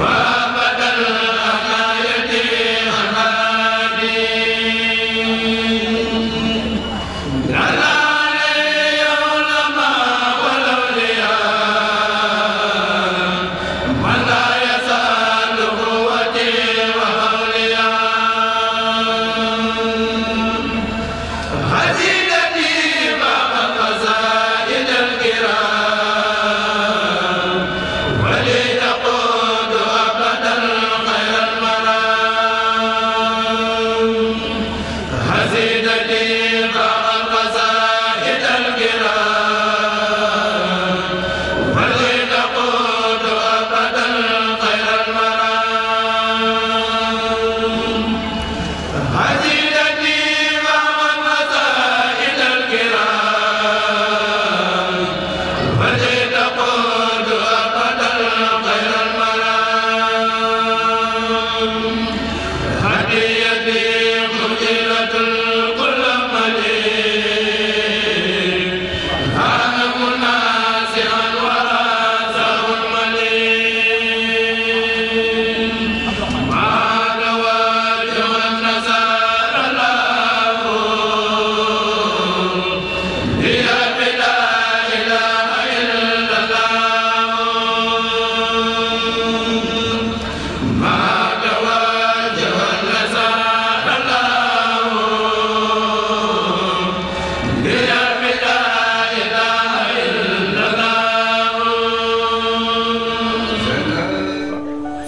wa والدتي